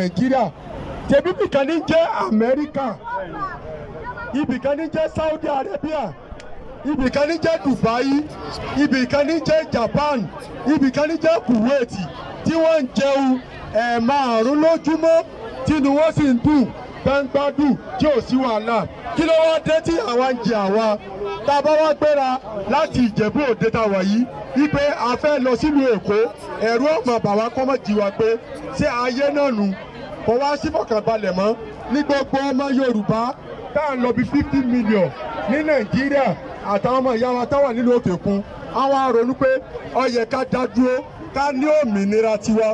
nàìjíríà tèmi bìkan ní jẹ́ amẹ́ríkà ibìkan ní jẹ́ saudi arabia ibìkan ní jẹ́ dubai ibìkan ní jẹ́ japan ibìkan ní jẹ́ kuwait tí wọ́n ń jẹun ẹ̀ẹ̀márùn lójúmọ́ tínú wọn sì ń dùn gbẹ́ngbádùn tí ò sí wàhálà kí ló wá dé tí àwa ń jẹ àwa tá a bá wá gbéra láti ìjẹ̀bú òde tá a wà yìí wípé a fẹ́ lọ sílùú èkó ẹ̀rú ọ̀mọ̀ bàwá kọ́mọ̀ jí wa pé ṣé ayé náà nù kò wá sí fọkànbalẹ̀ mọ́ ní gbogbo ọmọ Yorùbá tá à lọ bí fifty million ní Nàìjíríà àtàwọn ọmọ ìyá wa táwà nínú àwọn aronú pé ọyẹ ká dá dúró ká ní òmìnira tiwa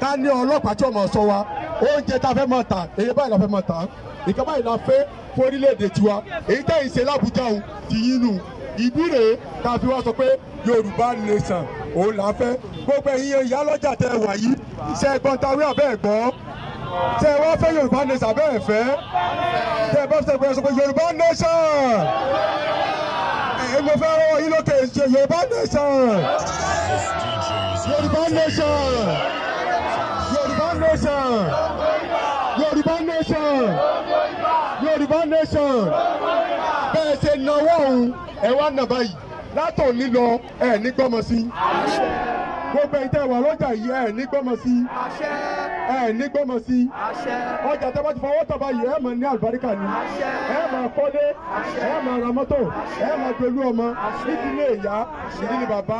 ká ní ọlọpàá tí sọ wa oúnjẹ tá a fẹ́ èyí báyìí la fẹ́ tiwa èyí lábújá ti yín nù rèé tá fi wá sọ pé Yorùbá nation òun là ń gbogbo ẹ̀yin tẹ́ wà yìí iṣẹ́ tẹ ẹ wá fẹ́ yorùbá nation abẹ́ ẹ fẹ́ tẹ ẹ bá fẹ́ pẹ́ sọ pé yorùbá nation ẹ mo fẹ́ rọwọ́ yín lókè ṣe yorùbá nation yorùbá nation yorùbá nation yorùbá nation yorùbá nation bẹ́ẹ̀ ṣe náwó ọ̀hún ẹ wá nà báyìí látòní lọ ẹ ní gbọ́mọ sí gbogbo ìtẹ̀wà lọ́jà yìí ẹ ní gbọ́mọ sí ẹ ní gbọ́mọ sí i ọjà tẹ́ bá ti fọwọ́ tọ̀ báyìí ẹ máa ní àlùbáríkà ni ẹ máa kọ́lé ẹ máa ra mọ́tò ẹ máa dolú ọmọ nídìílé ìyá ìdílé bàbá